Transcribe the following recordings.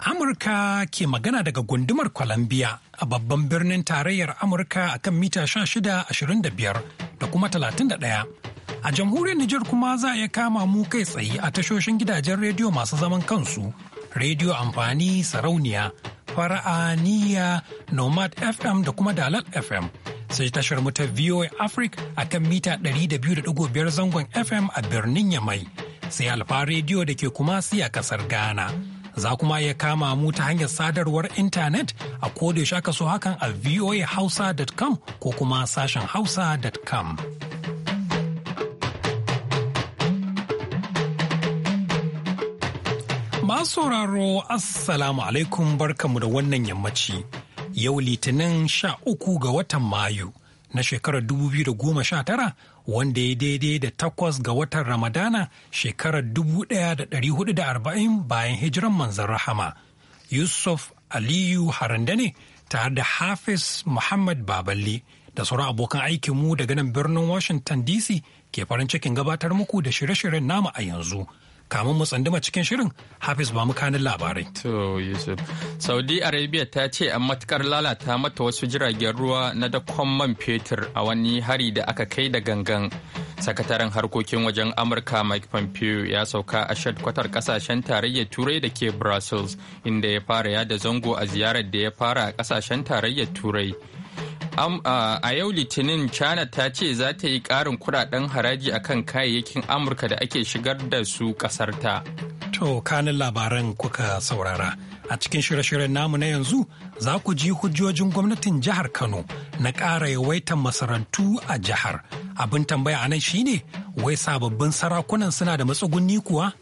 Amurka ke magana daga gundumar Columbia a babban birnin tarayyar Amurka a kan mita ashirin da kuma ɗaya. A jamhuriyar Nijar kuma za a iya kama mu kai tsaye a tashoshin gidajen rediyo masu zaman kansu, rediyo amfani sarauniya, fara'aniya, nomad FM da kuma dalal FM. Sai tashar mu ta VOA Africa a kan mita 200.5 zangon FM a birnin Yamai, sai alfa rediyo da ke kuma siya kasar Ghana. Za kuma iya kama mu ta hanyar sadarwar intanet a kodayaushe aka so hakan a voahausa.com ko kuma sashen hausa.com. Masu sauraro Assalamu alaikum barkamu da wannan yammaci. Yau Litinin sha uku ga watan Mayu na shekarar 2019 wanda ya daidai da takwas ga watan Ramadana shekarar 1440 bayan hijiran manzan rahama. Yusuf Aliyu ne tare da Hafiz Muhammad Baballe da sauran abokan aikinmu daga nan birnin Washington DC ke farin cikin gabatar muku da shirye-shiryen nama a yanzu. kamun mu tsanduma cikin shirin hafiz ba kanin labarai to yusuf saudi arabia ta ce an matukar lalata mata wasu jiragen ruwa na dakon man fetur a wani hari da aka kai da gangan sakataren harkokin wajen amurka mike pompeo ya sauka a shadkwatar kasashen tarayyar turai da ke brussels inda ya fara yada zango a ziyarar da ya fara a kasashen tarayyar turai a yau litinin china ta ce za ta yi ƙarin kudaden haraji a kan kayayyakin amurka da ake shigar da su ta. to kanin labaran kuka saurara a cikin shirye-shiryen namu na yanzu za ku ji hujjojin gwamnatin jihar kano na ƙara yawaitar masarantu a jihar abin tambaya a nan shine wai sababbin sarakunan suna da matsugunni kuwa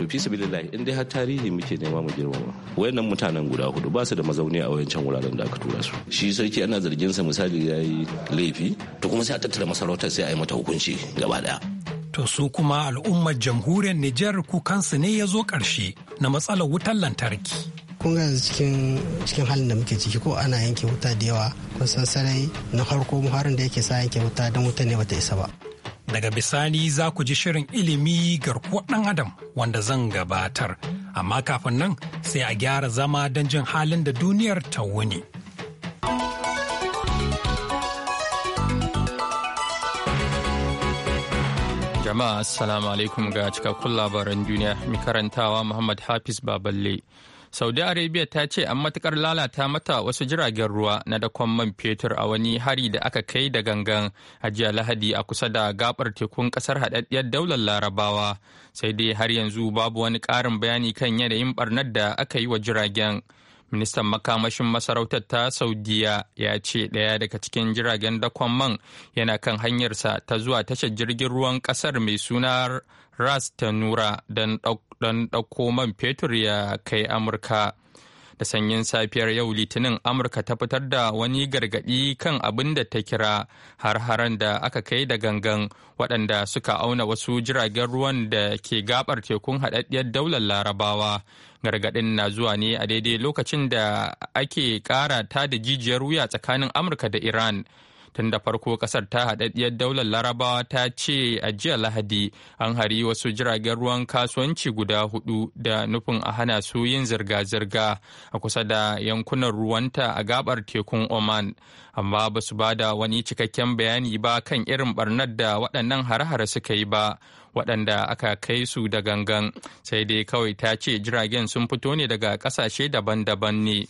to fi sabilillahi in dai har tarihi muke nema mu girma girmama wayannan mutanen guda hudu ba su da mazauni a wayancan wuraren da aka tura su shi sarki ana zargin sa misali yayi laifi to kuma sai a tattara masarautar sai a yi mata hukunci gaba daya to su kuma al'ummar jamhuriyar Nijar kukansu ne ya zo karshe na matsalar wutar lantarki. kun ga cikin cikin halin da muke ciki ko ana yanke wuta da yawa kun san sarai na farko muharin da yake sa yanke wuta don wuta ne bata isa ba Daga bisani za ku ji shirin ilimi garkuwar ɗan adam wanda zan gabatar, amma kafin nan sai a gyara zama don jin halin da duniyar ta wuni. Jama'a Assalamu alaikum ga cikakkun labaran duniya, mi karantawa Muhammad Hafiz Baballe. saudi arabia ta ce an matukar lalata mata wasu jiragen ruwa na dakon man fetur a wani hari da aka kai da gangan a jiya lahadi a kusa da gabar tekun kasar haɗaɗɗiyar daular larabawa sai dai har yanzu babu wani ƙarin bayani kan yanayin barnar da aka yi wa jiragen ministan makamashin masarautar ta saudiya ya ce ɗaya daga cikin jiragen dakon man yana kan hanyarsa ta zuwa tashar jirgin ruwan ƙasar mai suna ras nura don dan ɗauko man fetur ya kai amurka da sanyin safiyar yau litinin amurka ta fitar da wani gargaɗi kan abin da ta kira har-haren da aka kai da gangan waɗanda suka auna wasu jiragen ruwan da ke gabar tekun haɗaɗɗiyar daular larabawa gargaɗin na zuwa ne a daidai lokacin da ake ƙara ta da jijiyar wuya tsakanin amurka da iran tun da farko kasar ta haɗaɗɗiyar daular larabawa ta ce a jiya lahadi an hari wasu jiragen ruwan kasuwanci guda hudu da nufin a hana su yin zirga-zirga a kusa da yankunan ruwanta a gabar tekun oman amma ba su ba da wani cikakken bayani ba kan irin barnar da waɗannan har hare suka yi ba waɗanda aka kai su da gangan sai dai kawai ta ce jiragen sun fito ne daga ƙasashe daban-daban ne.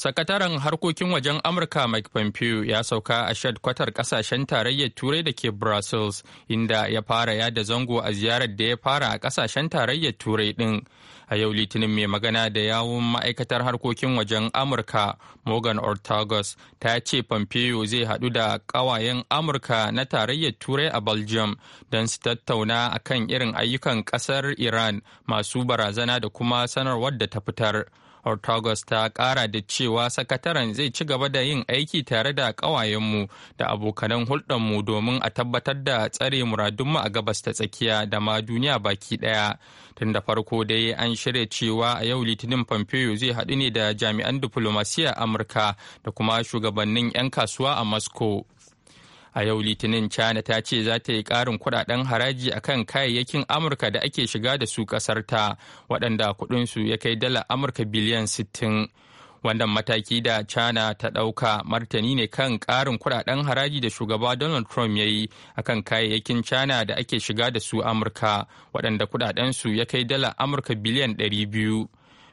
Sakataren harkokin wajen Amurka Mike Pompeo ya sauka a kwatar kasashen tarayyar Turai da ke Brussels, inda ya fara yada zango a ziyarar da ya fara a kasashen tarayyar Turai ɗin. A yau Litinin mai magana da yawun ma'aikatar harkokin wajen Amurka Morgan Ortagos ta ce Pompeo zai haɗu da ƙawayen Amurka na tarayyar Turai a Belgium don su tattauna a kan irin ayyukan ƙasar Iran masu barazana da kuma sanarwar da ta fitar. Ortagos ta kara da cewa sakataren zai ci gaba da yin aiki tare da kawayenmu da abokanan hulɗarmu domin a tabbatar da tsare muradunmu a gabas ta tsakiya da ma duniya baki ɗaya. Tun da farko dai an shirya cewa a yau Litinin Pompeo zai haɗu ne da jami'an diplomasiyya Amurka da kuma shugabannin 'yan kasuwa a Moscow. a yau litinin china ta ce za ta yi karin kudaden haraji akan kayayyakin amurka da ake shiga da su kasarta waɗanda kudinsu ya kai dala amurka biliyan 60 wannan mataki da china ta ɗauka martani ne kan ƙarin kudaden haraji da shugaba donald trump ya yi a kan kayayyakin china da ake shiga da su amurka waɗanda kuɗaɗensu ya kai dala amurka biliyan 200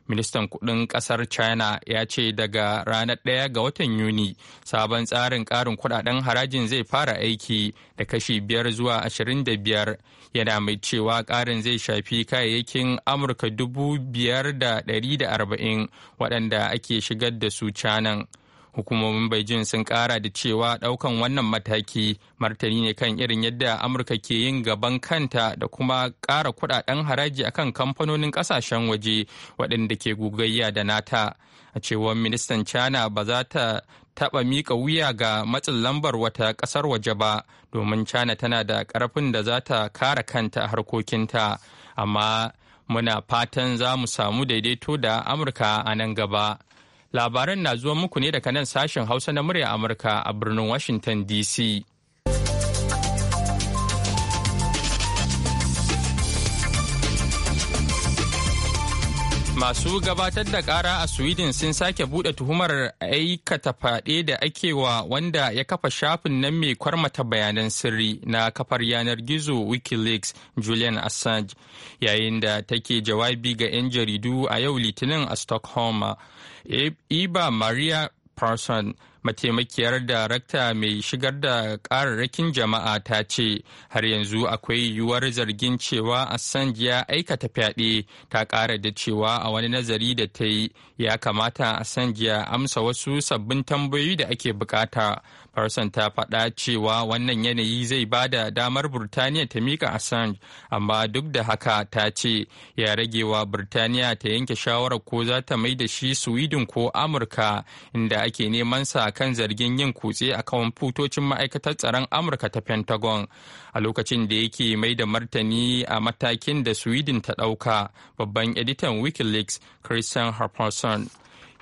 ministan kudin kasar china ya ce daga ranar 1 ga watan yuni sabon tsarin karin kudaden harajin zai fara aiki da kashi biyar zuwa 25 yana mai cewa karin zai shafi kayayyakin amurka 5,140 waɗanda ake shigar da su canan. hukumomin beijing sun kara da cewa daukan wannan mataki martani ne kan irin yadda amurka ke yin gaban kanta da kuma kara kudaden haraji akan kamfanonin kasashen waje waɗanda ke gugayya da nata a cewar ministan china ba za ta taɓa miƙa wuya ga matsin lambar wata ƙasar waje ba domin china tana da karfin da za ta kare kanta harkokinta amma muna fatan za mu samu daidaito da amurka a nan gaba Labaran na zuwa muku ne daga nan sashen Hausa na murya Amurka a birnin Washington DC. Masu gabatar da kara a Sweden sun sake bude tuhumar aikata fade da ake wa wanda ya kafa shafin nan mai kwarmata bayanan sirri na kafar yanar gizo Wikileaks Julian Assange yayin da take jawabi ga 'yan jaridu a yau Litinin a Stockholm. E, Iba Maria Parson, mataimakiyar darakta mai shigar da ƙararrakin jama'a ta ce har yanzu akwai yiwuwar zargin cewa Assange ya aikata fyaɗe ta ƙara da cewa a wani nazari da ta yi ya kamata Assange ya amsa wasu sabbin tambayoyi da ake bukata Farson ta faɗa cewa wannan yanayi zai ba da damar Burtaniya ta mika Assange, amma duk da haka ta ce ya ragewa Burtaniya ta yanke shawarar ko za ta mai da shi Sweden ko Amurka inda ake neman sa kan zargin yin kutse a kan futocin ma'aikatar tsaron Amurka ta Pentagon. A lokacin da yake mai da martani a matakin da Sweden ta ɗauka, babban editan Wikileaks Christian Harperson.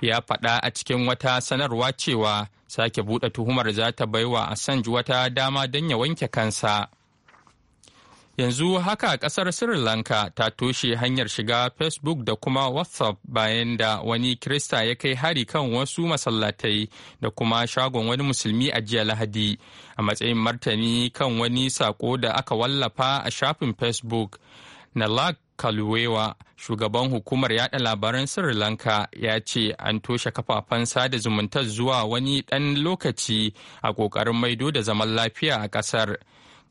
ya faɗa a cikin wata sanarwa cewa sake buɗe tuhumar za ta baiwa Assange wata dama don ya wanke kansa. Yanzu haka ƙasar Sri Lanka ta toshe hanyar shiga Facebook da kuma WhatsApp bayan da wani Kirista ya kai hari kan wasu masallatai da kuma shagon wani musulmi a jiya Lahadi a matsayin martani kan wani sako da aka wallafa a shafin Facebook. Nalak kaluwewa shugaban hukumar yada labaran Sri Lanka ya ce an toshe kafafen sada zumunta zuwa wani ɗan lokaci a ƙoƙarin maido da zaman lafiya a ƙasar.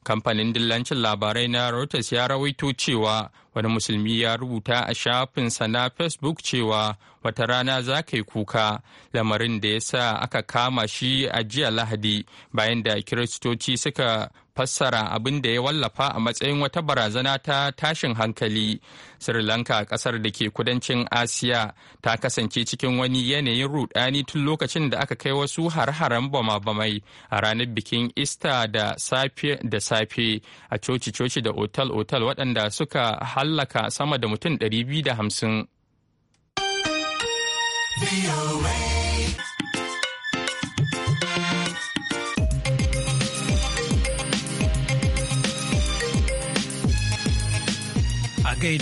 Kamfanin dillancin labarai na Reuters ya rawaito cewa wani musulmi ya rubuta a shafinsa na Facebook cewa wata rana za ka yi kuka lamarin da ya sa aka kama shi a jiya Lahadi bayan da Kiristoci suka fassara abin da ya wallafa a matsayin wata barazana ta tashin hankali sri lanka kasar da ke kudancin asiya ta kasance cikin wani yanayin rudani tun lokacin da aka kai wasu har-haren bama-bamai a ranar bikin ista da safe a coci-coci da otal-otal waɗanda suka hallaka sama da mutum 250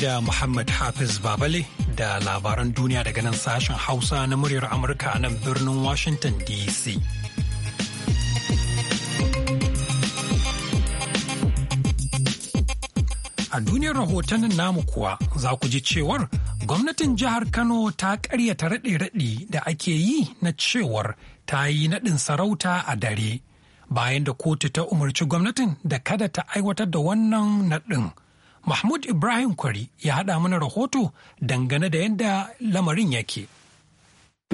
da Muhammad Hafiz Babale da labaran duniya daga nan sashen Hausa na muryar Amurka a nan birnin Washington DC. A duniyar rahotannin namu kuwa za ku ji cewar gwamnatin jihar Kano ta karyata raɗe-raɗe da ake yi na cewar ta yi naɗin sarauta a dare bayan da kotu ta umarci gwamnatin da kada ta aiwatar da wannan naɗin. Mahmud Ibrahim Kwari ya haɗa mana rahoto dangane da yadda lamarin yake.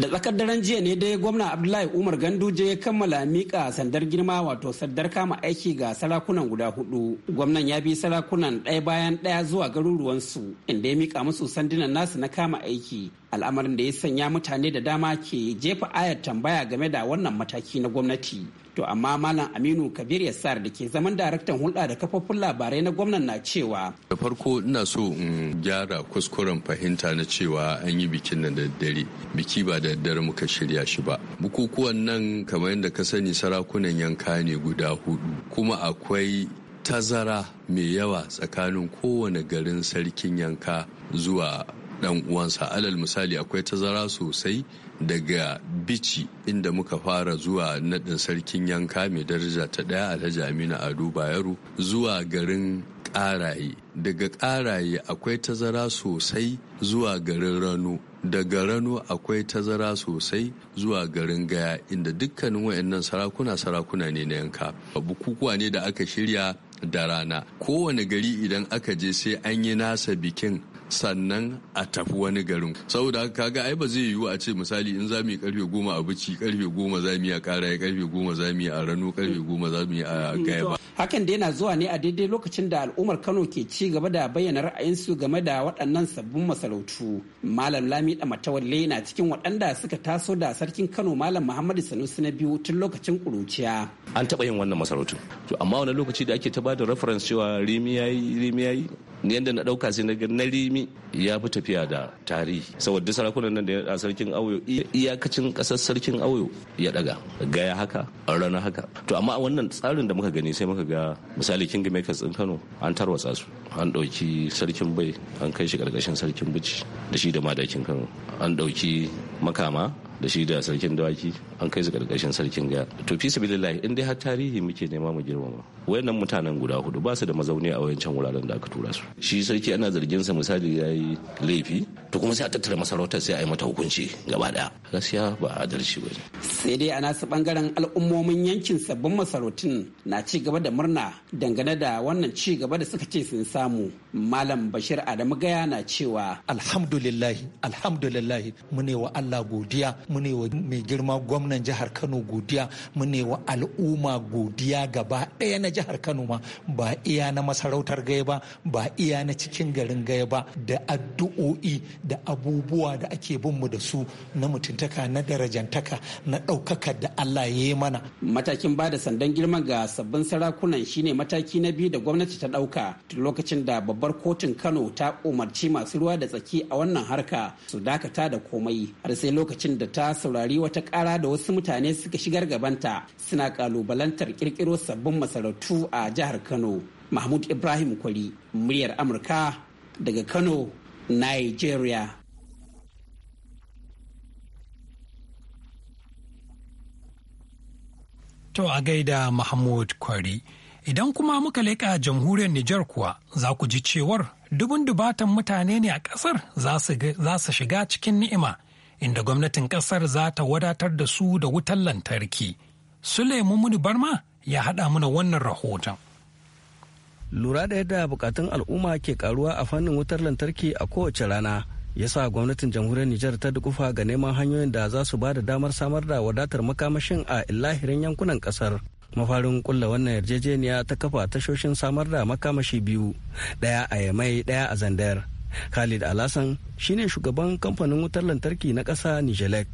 da tsakar daren jiya ne dai gwamna abdullahi umar ganduje ya kammala mika sandar girma wato sandar kama aiki ga sarakunan guda hudu gwamnan ya bi sarakunan ɗaya bayan ɗaya zuwa garuruwansu inda ya mika musu sandunan nasu na kama aiki al'amarin da ya sanya mutane da dama ke jefa ayar tambaya game da wannan mataki na gwamnati To amma Malam Aminu Kabir Yassar da ke zaman daraktan hulɗa da kafofin labarai na gwamnan na cewa. Da farko ina so in gyara kuskuren fahimta na cewa an yi bikin nan daddare. Biki ba daddare muka shirya shi ba. Bukukuwan nan kamar yadda ka sani sarakunan yanka ne guda hudu kuma akwai tazara mai yawa tsakanin kowane garin sarkin yanka zuwa dan uwansa alal misali akwai tazara sosai daga bici inda muka fara zuwa naɗin sarkin yanka mai daraja ta daya alhaji aminu ado bayero zuwa garin ƙaraye daga ƙaraye akwai tazara sosai zuwa garin rano daga rano akwai tazara sosai zuwa garin gaya inda dukkanin wayannan sarakuna sarakuna ne na yanka bukukuwa ne da aka shirya da rana kowane gari idan aka je sai an yi nasa bikin sannan a tafi wani garin saboda kaga ai ba zai yiwu a ce misali in zamu yi karfe goma a bici karfe goma zamu yi a ya karfe goma zamu yi a rano karfe goma zamu yi a gaya hakan da yana zuwa ne a daidai lokacin da al'ummar kano ke ci gaba da bayyana ra'ayinsu game da waɗannan sabbin masarautu malam lami da matawalle na cikin waɗanda suka taso da sarkin kano malam muhammadu sanusi na biyu tun lokacin kuruciya an taɓa yin wannan masarautu to amma wani lokaci da ake ta bada reference cewa rimi yayi yadda na ɗauka sai na ga na rimi ya fi tafiya da tarihi saboda sarakunan nan da ya sarkin auyo iyakacin ƙasar sarkin auyo ya ɗaga gaya haka rana haka to amma a wannan tsarin da muka gani sai muka ga misali mekas ɗin kano an tarwatsa su an ɗauki sarkin bai an kai shi ƙarƙashin sarkin bici da shi da madakin kano an ɗauki makama da shi da sarkin dawaki an kai su karkashin sarkin gaya to fi lillahi. in dai har tarihi muke nema mu girmama wayannan mutanen guda hudu ba su da mazauni a wayancan wuraren da aka tura su shi sarki ana zargin sa misali ya yi laifi to kuma sai a tattara masarautar sai a yi mata hukunci gaba daya gaskiya ba adalci ba sai dai a su bangaren al'ummomin yankin sabbin masarautun na ci gaba da murna dangane da wannan ci gaba da suka ce sun samu malam bashir adamu gaya na cewa alhamdulillahi alhamdulillahi mu ne wa allah godiya mu ne wa mai girma gwamnan jihar Kano godiya mu ne wa al'umma godiya gaba ɗaya na jihar Kano ma ba iya na masarautar gaya ba ba iya na cikin garin gaya ba da addu'o'i da abubuwa da ake bin mu da su na mutuntaka na darajantaka na ɗaukaka da Allah ya yi mana. Matakin ba da sandan girma ga sabbin sarakunan shine mataki na biyu da gwamnati ta ɗauka tun lokacin da babbar kotun Kano ta umarci masu ruwa da tsaki a wannan harka su dakata da komai har sai lokacin da ta ta saurari wata kara da wasu mutane suka shigar gabanta suna kalubalantar kirkiro sabbin masarautu a jihar Kano. Mahmud Ibrahim Kwari, muryar Amurka daga Kano, Nigeria. To a gaida Mahmud Kwari. Idan kuma muka leka jamhuriyar Nijar kuwa za ku ji cewar dubun dubatan mutane ne a kasar za su shiga cikin ni'ima inda gwamnatin kasar za ta wadatar da su da wutar lantarki. sulemu Muni Barma ya haɗa mana wannan rahoton. Lura da yadda bukatun al'umma ke karuwa a fannin wutar lantarki a kowace rana ya sa gwamnatin jamhuriyar Nijar ta dukufa ga neman hanyoyin da za su ba da damar samar da wadatar makamashin a illahirin yankunan kasar. mafarin kulla wannan yarjejeniya ta kafa tashoshin samar da makamashi biyu daya a yamai daya a zandar Khalid Alasan shine shugaban kamfanin wutar lantarki na ƙasa Nijelek.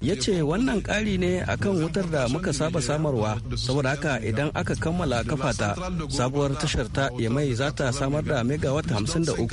Ya ce wannan ƙari ne akan wutar da muka saba samarwa, saboda haka idan aka kammala kafata sabuwar tashar ta Yamai za ta samar da megawatt 53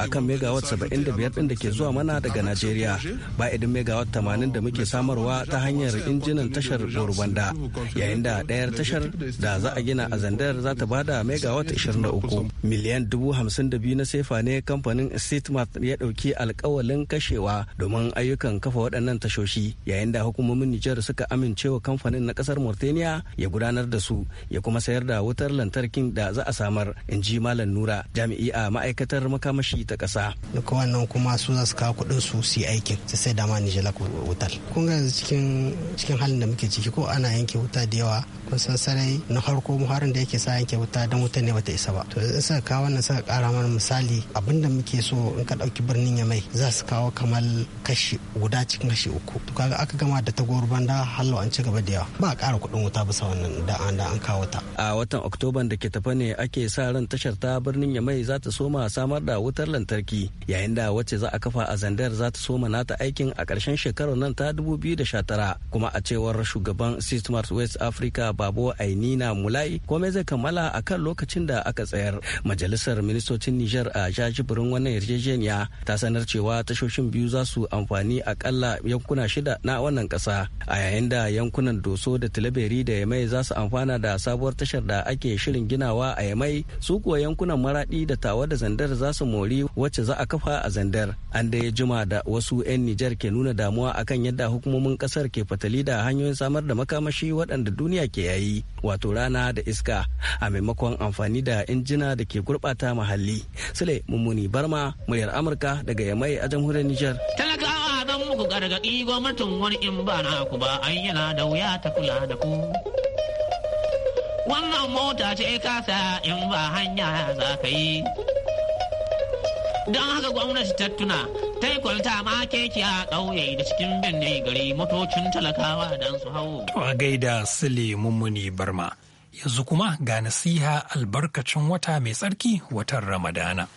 akan megawatt 75 ɗin da ke zuwa mana daga Najeriya, ba idan megawatt 80 da muke samarwa ta hanyar injinan tashar Gorubanda, yayin da ɗayar tashar da za a gina a Zandar za ta bada megawatt 23 miliyan dubu hamsin 22 na sefa ne kamfanin Sitmat ya ɗauki alkawalin kashewa domin ayyukan kafa waɗannan tashoshi yayin da hukumomin Nijar suka amincewa kamfanin na ƙasar Mauritania ya gudanar da su ya kuma sayar da wutar lantarkin da za a samar in ji Malam Nura jami'i a ma'aikatar makamashi ta ƙasa. Duka kuma su za su kawo kuɗin su su aikin su sai da ma Nijar wutar. Kun ga cikin cikin halin da muke ciki ko ana yanke wuta da yawa kun san sarai na farko muharin da yake sa yanke wuta don wuta ne bata isa ba. To sai kawo wannan suka kara kamar misali abinda muke so in ka ɗauki birnin yamai za su kawo kamar kashi guda cikin kashi uku to kaga aka gama da tagowar banda hallo an ci gaba da yawa ba a ƙara kuɗin wuta bisa wannan da an da an kawo ta a watan oktoban da ke tafa ne ake sa ran tashar ta birnin yamai za ta soma samar da wutar lantarki yayin da wacce za a kafa a zandar za ta soma nata aikin a ƙarshen shekarar nan ta 2019 kuma a cewar shugaban Sistmart West Africa Babo Ainina Mulai komai zai kammala a kan lokacin da aka tsayar majalisar ministoci gwamnatin Nijar a jajibirin wannan yarjejeniya ta sanar cewa tashoshin biyu za su amfani akalla yankuna shida na wannan kasa a yayin da yankunan Doso da Tilaberi da Yamai za su amfana da sabuwar tashar da ake shirin ginawa a Yamai su kuwa yankunan Maradi da Tawa da Zandar za su mori wacce za a kafa a Zandar. An da ya jima da wasu 'yan Nijar ke nuna damuwa akan yadda hukumomin kasar ke fatali da hanyoyin samar da makamashi waɗanda duniya ke yayi wato rana da iska a maimakon amfani da injina da ke gurɓata muhalli. yi sule mummuni barma muryar amurka daga yamai a jamhuriyar nijar talakawa don muku gargaɗi gwamnatin wani in ba na ku ba an yana da wuya ta kula da ku wannan mota ce kasa in ba hanya za ka yi don haka gwamnati ta tuna ta yi kwalta ma keke a ƙauye da cikin birni gari motocin talakawa don su hau. To a gaida Sule Mummuni Barma. Yanzu kuma ga nasiha albarkacin wata mai tsarki watan Ramadana.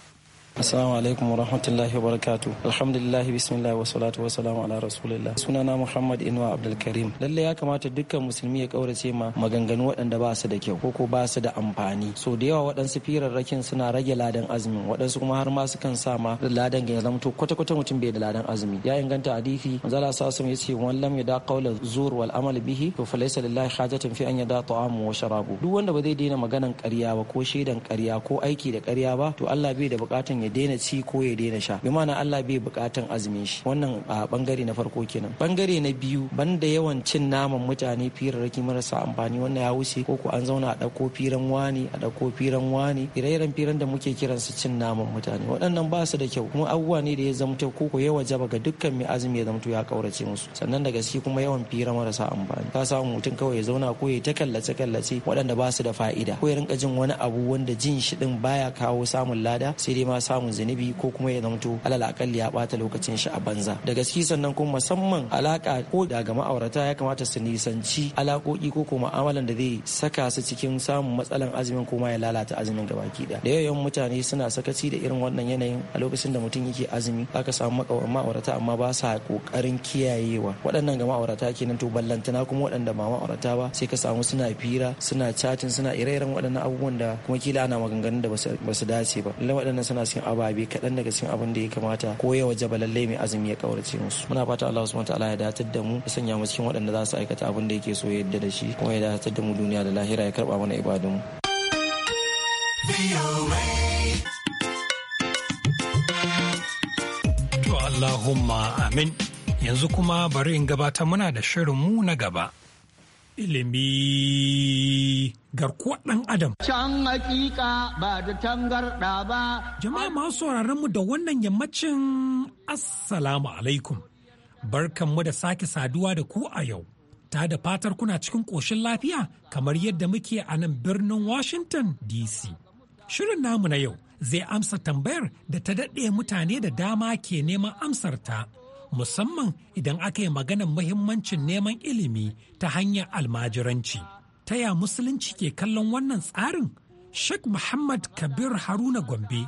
Assalamu alaikum wa rahmatullahi wa barakatu. Alhamdulillah bismillah wa salatu wa salamu ala rasulillah. Sunana Muhammad Inuwa Abdulkarim. Lalle ya kamata dukkan musulmi ya kaurace ma maganganu waɗanda ba su da kyau ko ko ba su da amfani. So da yawa waɗansu firarrakin suna rage ladan azumin waɗansu kuma har ma su kan sa ma ladan ga ya kwata kwata mutum bai da ladan azumi. Ya inganta hadisi manzala sasum ya ce wan lam yada qawla zur wal amal bihi to falaysa lillahi hajatun fi an yada ta'amu wa sharabu. Duk wanda ba zai daina maganan ƙarya ba ko shaidan ƙarya ko aiki da ƙarya ba to Allah bai da buƙatan ya ya daina ci ko ya daina sha bi ma'ana Allah bai bukatan azumin shi wannan a bangare na farko kenan bangare na biyu banda yawan cin naman mutane firarraki marasa amfani wannan ya wuce ko ko an zauna a dauko firan wani a dauko firan wani ire firan da muke kiran su cin naman mutane waɗannan ba su da kyau kuma abubuwa ne da ya zamto ko ko yawa jaba ga dukkan mai azumi ya zamto ya kaurace musu sannan da gaske kuma yawan fira marasa amfani ka samu mutum kawai ya zauna ko ya ta kallace kallace waɗanda ba su da fa'ida ko ya rinka jin wani abu wanda jin shi din baya kawo samun lada sai dai ma samun samun zunubi ko kuma ya zamto alal akalli ya bata lokacin shi a banza da gaske sannan kuma musamman alaka ko da ga ma'aurata ya kamata su nisanci alakoki ko kuma amalan da zai saka su cikin samun matsalan azumin ko ma ya lalata azumin gabaki daya da yawan mutane suna sakaci da irin wannan yanayin a lokacin da mutum yake azumi aka samu ma'aurata amma ba sa kokarin kiyayewa waɗannan ga ma'aurata kenan to ballantana kuma waɗanda ba ma'aurata ba sai ka samu suna fira suna catin suna ire-iren waɗannan abubuwan da kuma kila ana maganganun da ba su dace ba lallai waɗannan suna cikin ababe kaɗan daga cikin abin da ya kamata ko ya waje lallai mai azumi ya kaurace musu muna fata Allah subhanahu wataala ya datar da mu ya sanya mu cikin waɗanda za su aikata abin da yake so ya yadda da shi kuma ya datar da mu duniya da lahira ya karba mana ibadun mu to Allahumma amin yanzu kuma bari in gabata muna da shirin mu na gaba ilimi garkuwar ɗan adam. Can hakika ba da tangarɗa ba. Jama'a masu sauraron mu da wannan yammacin Assalamu alaikum. barkan mu da sake saduwa da ku a yau. Ta da fatar kuna cikin ƙoshin lafiya kamar yadda muke a nan birnin Washington DC. Shirin namu na yau zai amsa tambayar da ta daɗe mutane da dama ke neman amsarta musamman idan aka yi maganar muhimmancin neman ilimi ta hanyar almajiranci. Ta ya musulunci ke kallon wannan tsarin? Sheikh Muhammad Kabir Haruna Gombe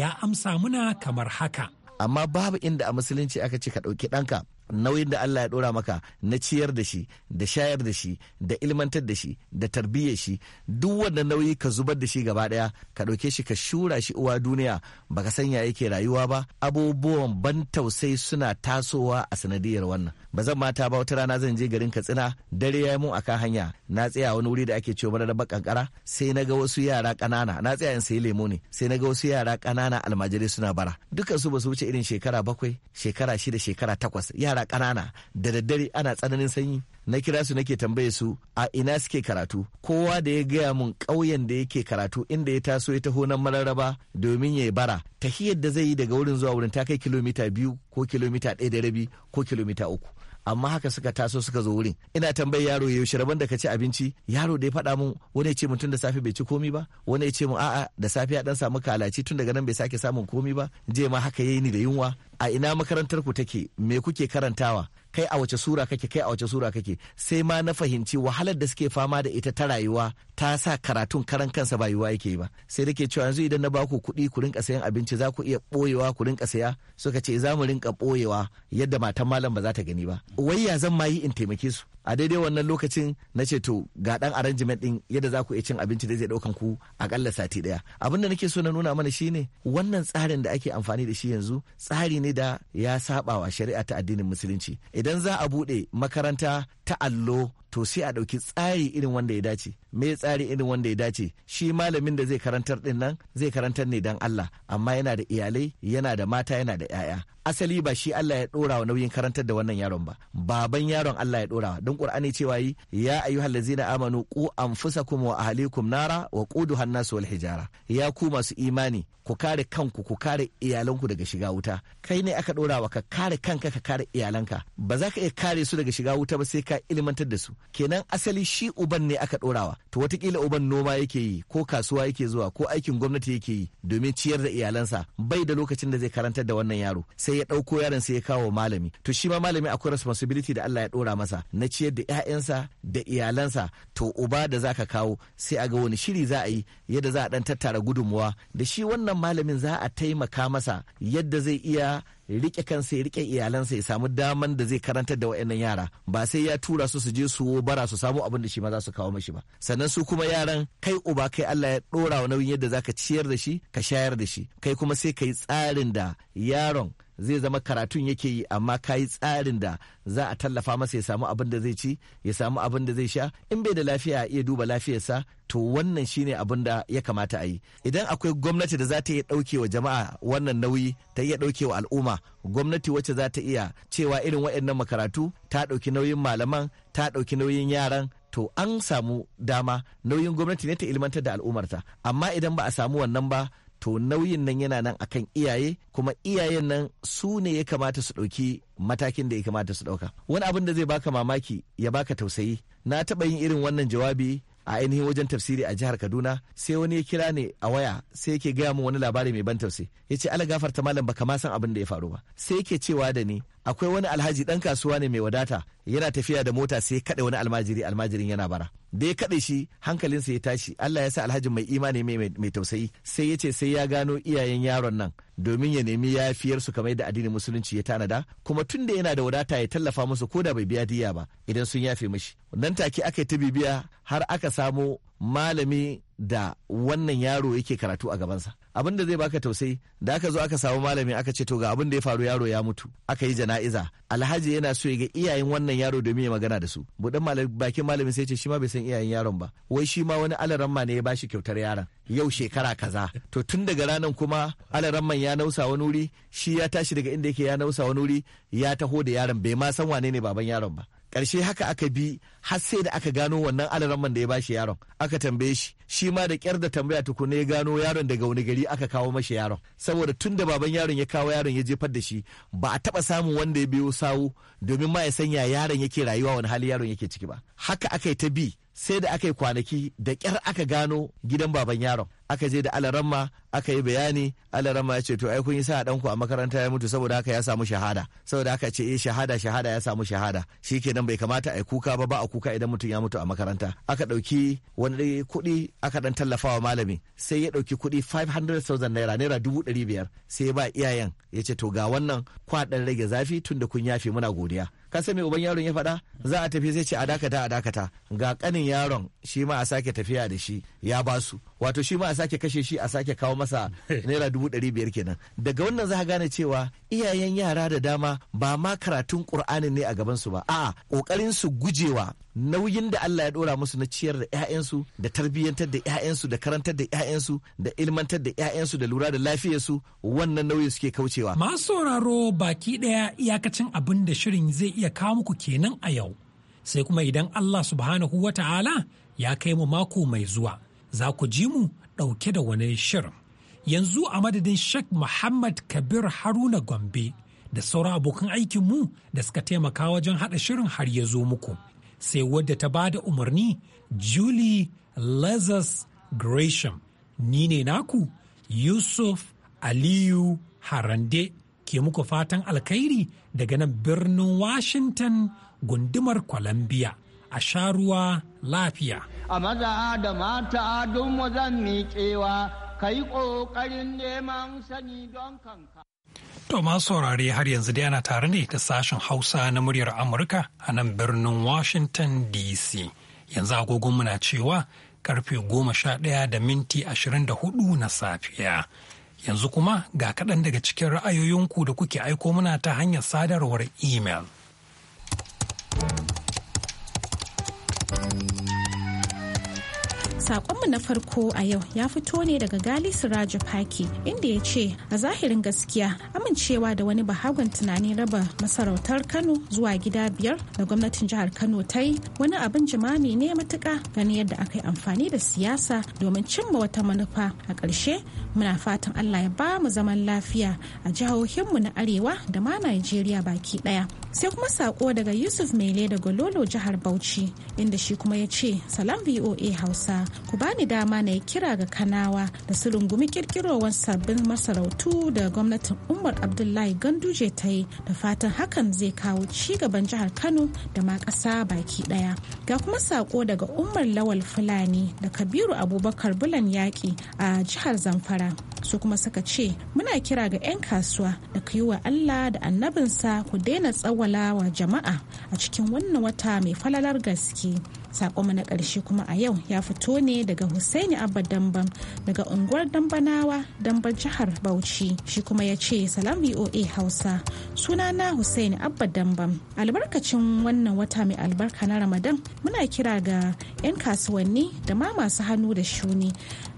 ya amsa muna kamar haka. Amma babu inda a musulunci aka ce ka ɗauki ɗanka nauyin da Allah ya ɗora maka na ciyar da shi da shayar da shi da ilmantar da shi da tarbiyyar shi duk wanda nauyi ka zubar da shi gaba ɗaya ka ɗauke shi ka shura shi uwa duniya baka sanya yake rayuwa ba abubuwan ban tausayi suna tasowa a sanadiyar wannan ba zan mata ba wata rana zan je garin Katsina dare ya mun akan hanya na tsaya wani wuri da ake cewa da bakankara sai na ga wasu yara ƙanana na tsaya in sayi lemo ne sai na ga wasu yara ƙanana almajirai suna bara dukan su ba su wuce irin shekara bakwai shekara shida shekara takwas ya yara ƙanana da daddare ana tsananin sanyi na kira su nake tambaye su a ina suke karatu kowa da ya gaya mun ƙauyen da yake karatu inda ya taso ya taho nan mararaba domin ya bara tahiyar da zai yi daga wurin zuwa wurin ta kai kilomita biyu ko kilomita ɗaya da rabi ko kilomita uku amma haka suka taso suka zo wurin ina tambayar yaro yaushe rabon da ka ci abinci yaro da ya faɗa mun wani ya ce mun tun da safe bai ci komi ba wani ya ce mun a'a da safe ya dan samu kalaci tun daga nan bai sake samun komi ba je ma haka ya yi ni da yunwa a ina makarantar ku take me kuke karantawa kai a wace sura kake kai a wace sura kake sai ma na fahimci wahalar da suke fama da ita ta rayuwa ta sa karatun karan kansa ba yiwuwa yake ba sai da ke cewa yanzu idan na baku kuɗi ku rinka sayan abinci za ku iya ɓoyewa ku rinka saya suka ce za mu rinka ɓoyewa yadda matan malam ba za ta gani ba wai ya zan ma yi in taimake su a daidai wannan lokacin na ce to ga dan arrangement din yadda za ku iya cin abinci da zai daukan ku akalla sati daya abin da nake so na nuna mana shine wannan tsarin da ake amfani da shi yanzu tsari ne da ya saba wa shari'a ta addinin musulunci idan za a buɗe makaranta ta allo to sai a ɗauki tsari irin wanda ya dace me tsari irin wanda ya dace shi malamin da zai karantar din nan zai karantar ne dan Allah amma yana da iyalai yana da mata yana da 'ya'ya asali ba shi Allah ya dora wa nauyin karantar da wannan yaron ba baban yaron Allah ya dora don Qur'ani cewa yi ya ayyuhal ladzina amanu qu anfusakum wa ahlikum nara wa quduha an-nas wal hijara ya ku masu imani ku kare kanku ku kare iyalanku daga shiga wuta kai ne aka dora wa ka kare kanka ka kare iyalanka ba za ka iya kare su daga shiga wuta ba sai ka ilmantar da su kenan asali shi uban ne aka ɗorawa to watakila uban noma yake yi ko kasuwa yake zuwa ko aikin gwamnati yake yi domin ciyar da iyalansa bai da lokacin da zai karantar da wannan yaro sai ya ɗauko yaron sai ya kawo malami to shi ma malami akwai responsibility da Allah ya ɗora masa na ciyar da 'ya'yansa da iyalansa to uba da zaka kawo sai a ga wani shiri za a yi yadda za a ɗan tattara gudunmuwa da shi wannan malamin za a taimaka masa yadda zai iya rike kansa ya rike iyalansa ya samu daman da zai karantar da waɗannan yara ba sai ya tura su su je su bara su samu abin da shi ma za su kawo mashi ba sannan su kuma yaran kai uba kai Allah ya dora wa nauyin yadda za ka ciyar da shi ka shayar da shi kai kuma sai ka yi tsarin da yaron zai zama karatun yake yi amma ka yi tsarin da za a tallafa masa ya samu abin da zai ci ya samu abin da zai sha in bai da lafiya a iya duba lafiyarsa to wannan shine abin da ya kamata a yi idan akwai gwamnati da za ta iya ɗauke wa jama'a wannan nauyi ta iya ɗauke wa al'umma gwamnati wacce za ta iya cewa irin waɗannan makaratu ta ɗauki nauyin malaman ta ɗauki nauyin yaran to an samu dama nauyin gwamnati ne ta ilmantar da al'ummarta amma idan ba a samu wannan ba to nauyin nan yana nan akan iyaye kuma iyayen nan su ne ya kamata su ɗauki matakin da ya kamata su ɗauka wani abin da zai baka mamaki ya baka tausayi na taɓa yin irin wannan jawabi a ainihin wajen tafsiri a jihar kaduna sai wani ya kira ne a waya sai yake gaya min wani labari mai ban tausayi ya ce ala gafarta malam baka ma san abin da ya faru ba sai yake cewa da ni akwai wani alhaji dan kasuwa ne mai wadata yana tafiya da mota sai kada wani almajiri almajirin yana bara da ya kada shi hankalinsa ya tashi Allah ya sa alhaji mai imani mai tausayi sai ya ce sai ya gano iyayen yaron nan domin ya nemi yafiyar su kamar da addinin musulunci ya tanada kuma tun da yana da wadata ya tallafa musu ko da bai biya diya ba idan sun yafe mishi nan take aka yi ta bibiya har aka samo malami da wannan yaro yake karatu a gabansa abin da zai baka tausayi da aka zo aka samu malami aka ce to ga abin da ya faru yaro ya mutu aka yi jana'iza alhaji yana so ya ga iyayen wannan yaro domin ya magana da su budan bakin malamin sai ce shi ma bai san iyayen yaron ba wai shi ma wani alaramma ne ya bashi kyautar yaron yau shekara kaza to tun daga ranan kuma alaramman ya nausa wani wuri shi ya tashi daga inda yake ya nausa wani wuri ya taho da yaron bai ma san wane ne baban yaron ba karshe haka aka bi har sai da aka gano wannan alaramman da ya bashi yaron aka tambaye shi shi ma da kyar da tambaya tukuna ya gano yaron daga wani gari aka kawo mashi yaron saboda tun da baban yaron ya kawo yaron ya jefar da shi ba a taba samun wanda ya biyo sawu domin ma ya sanya yaron yake rayuwa wani hali yaron yake ciki ba haka aka yi ta bi sai da aka yi kwanaki da kyar aka gano gidan baban yaron aka je da alarama aka yi bayani alarama ya ce to ai kun yi sa danku a makaranta ya mutu saboda haka ya samu shahada saboda haka ce eh shahada shahada ya samu shahada shi shikenan bai kamata ai kuka ba ba a kuka idan mutum ya mutu a makaranta aka ɗauki wani kuɗi aka dan tallafawa malami sai ya ɗauki kuɗi 500,000 naira naira dubu ɗari biyar sai ya ba iyayen ya ce to ga wannan kwaɗan rage zafi tun da kun yafe muna godiya ka san me uban yaron ya faɗa za a tafi sai ce a dakata a dakata ga kanin yaron shi ma a sake tafiya da shi ya basu wato shi ma a sake kashe shi a sake kawo masa naira dubu ɗari biyar kenan daga wannan za ka gane cewa iyayen yara da dama ba ma karatun ƙur'anin ne a gabansu ba a'a ƙoƙarin su gujewa nauyin da Allah ya ɗora musu na ciyar da 'ya'yansu da tarbiyyantar da 'ya'yansu da karantar da 'ya'yansu da ilmantar da 'ya'yansu da lura da lafiyarsu wannan nauyin suke kaucewa. masu sauraro baki ɗaya iyakacin abin da shirin zai iya kawo muku kenan a yau sai kuma idan Allah subhanahu wa ta'ala ya kai mu mako mai zuwa za ku ji mu ɗauke da wani shirin yanzu a madadin Sheikh Muhammad Kabir Haruna Gombe da sauran abokan aikin mu da suka taimaka wajen haɗa shirin har ya zo muku sai wadda ta ba da umarni Julie Lazarus Gresham ni ne naku Yusuf Aliyu Harande ke muku fatan alkhairi daga nan birnin Washington gundumar Columbia. A sha ruwa lafiya. A maza da mata don zan miƙewa, ka ƙoƙarin neman sani don kanka. To saurare har yanzu dai ana tare ne da sashen Hausa na muryar Amurka a nan birnin Washington DC. Yanzu agogon muna cewa karfe goma sha ɗaya da minti ashirin da hudu na safiya. Yanzu kuma ga kaɗan daga cikin ra'ayoyinku da kuke aiko muna ta hanyar sadarwar imel. Sakonmu na farko a yau ya fito ne daga Gali Siraja Paki inda ya ce a zahirin gaskiya amincewa da wani bahagon tunani raba masarautar Kano zuwa gida biyar da gwamnatin jihar Kano ta yi wani abin jimami ne matuka ganin yadda aka yi amfani da siyasa domin cimma wata manufa a ƙarshe muna fatan Allah ya ba mu zaman lafiya a jihohinmu na arewa da ma Najeriya baki ɗaya. Sai kuma sako daga Yusuf Mele da Lolo jihar Bauchi inda shi kuma ya ce salam VOA Hausa ku bani dama na yi kira ga kanawa da su rungumi kirkirowar sabbin masarautu da gwamnatin umar abdullahi ganduje ta yi da fatan hakan zai kawo ci gaban jihar kano da ma ƙasa baki ɗaya ga kuma sako daga umar lawal fulani da kabiru abubakar bulan yaƙi a jihar zamfara su kuma suka ce muna kira ga 'yan kasuwa da ka yi wa allah da annabinsa ku daina tsawala wa jama'a a cikin wannan wata mai falalar gaske sakonmu na ƙarshe kuma a yau ya fito ne daga Hussaini Abba Dambam daga unguwar Dambanawa Damban jihar Bauchi shi kuma ya ce salam VOA Hausa sunana Hussaini Abba Dambam albarkacin wannan wata mai albarka na Ramadan muna kira ga 'yan kasuwanni da ma masu hannu da shuni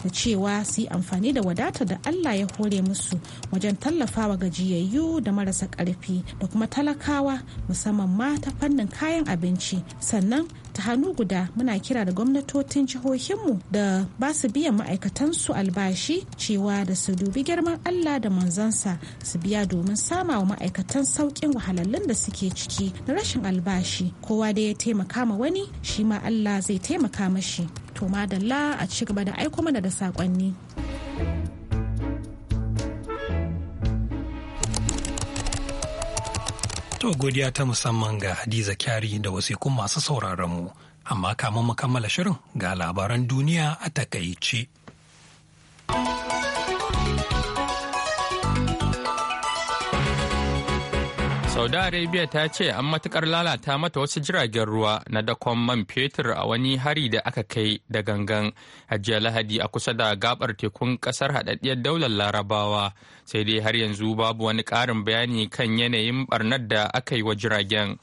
da cewa su yi amfani da wadatar da Allah ya hore musu wajen tallafawa gajiyayyu da marasa ƙarfi da kuma talakawa musamman ma ta fannin kayan abinci sannan ta hannu guda muna kira da gwamnatocin jihohinmu da ba su biyan ma'aikatansu albashi cewa da su dubi girman Allah da manzansa su biya domin sama wa ma'aikatan sauƙin wahalallun da suke ciki na rashin albashi kowa da ya taimaka ma wani shi ma Allah zai taimaka mashi. To madalla a ci gaba da aiko mana da saƙonni. To godiya ta musamman ga Hadiza Kyari da wasikun masu sauraron mu, amma kamun mu kammala shirin ga labaran duniya a takaice. Saudi Arabia ta ce an matukar lalata mata wasu jiragen ruwa na dakon man fetur a wani hari da aka kai da gangan a jiya Lahadi a kusa da gabar tekun kasar haɗaɗɗiyar daular Larabawa sai dai har yanzu babu wani ƙarin bayani kan yanayin barnar da aka yi wa jiragen.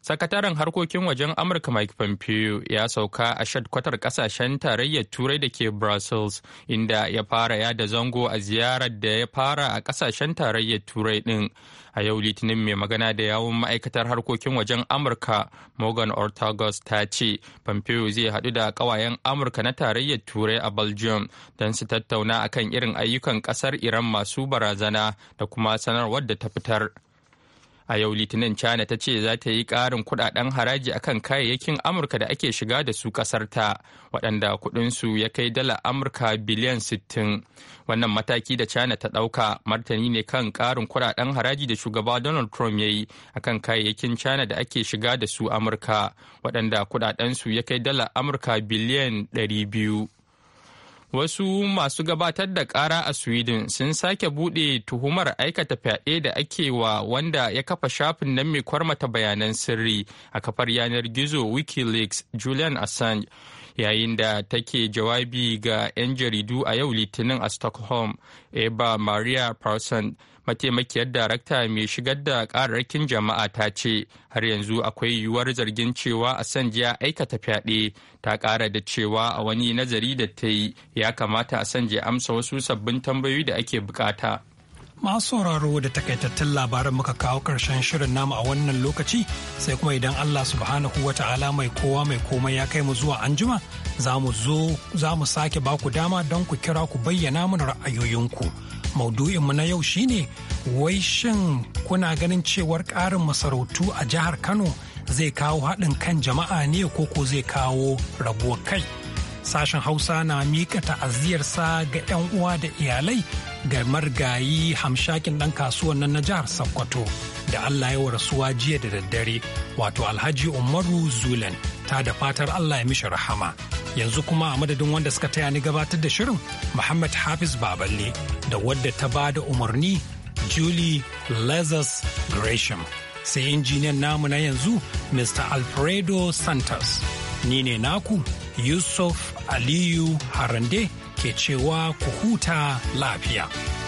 sakataren harkokin wajen amurka mike pompeo ya sauka a shadkwatar kasashen tarayyar turai da ke brussels inda ya fara yada zango a ziyarar da ya fara a kasashen tarayyar turai din a yau litinin mai magana da yawun ma'aikatar harkokin wajen amurka morgan ortagos ta ce pompeo zai hadu da kawayen amurka na tarayyar turai a belgium don su tattauna akan irin ayyukan kasar iran masu barazana da kuma sanarwar da ta fitar a yau litinin china ta ce za ta yi karin kudaden haraji akan kayayyakin amurka da ake shiga da su kasarta ta waɗanda kudinsu ya kai dala amurka biliyan 60 wannan mataki da china ta ɗauka martani ne kan karin kudaden haraji da shugaba donald trump ya yi akan kayayyakin china da ake shiga da su amurka waɗanda kuɗaɗensu ya kai dala amurka biliyan 200 wasu masu gabatar da kara a sweden sun sake bude tuhumar aikata fyaɗe da ake wa wanda ya kafa shafin nan mai kwarmata bayanan sirri a kafar yanar gizo wikileaks julian assange yayin da take jawabi ga 'yan jaridu a yau litinin a stockholm eba maria parson mataimakiyar darakta mai shigar da kararrakin jama'a ta ce har yanzu akwai yiwuwar zargin cewa a san ya aikata fyaɗe ta ƙara da cewa a wani nazari da ta yi ya kamata a assange amsa wasu sabbin tambayoyi da ake bukata masu sauraro da takaitattun labaran muka kawo karshen shirin namu a wannan lokaci sai kuma idan Allah subhanahu wa ta'ala mai kowa mai komai ya kai mu zuwa anjima za mu zo za mu sake baku dama don ku kira ku bayyana mana ra'ayoyinku. Maudu'inmu na yau shine wai shin kuna ganin cewar ƙarin masarautu a jihar Kano zai kawo haɗin kan jama'a ne ko ko zai kawo rabuwar kai. Sashen Hausa na miƙa ta'aziyarsa ga 'yan uwa da iyalai ga margayi hamshakin ɗan kasuwan nan na jihar Sokoto da Allah ya rasuwa jiya da daddare wato Alhaji Umaru zulen ta da fatar Allah ya mishi rahama. yanzu kuma a madadin wanda suka taya ni gabatar da shirin Muhammad Hafiz Baballe da wadda ta ba da umarni Julie Lazarus Gresham sai injiniyan namu na yanzu Mr. Alfredo Santos. Ni ne naku Yusuf Aliyu Harande ke cewa ku huta lafiya.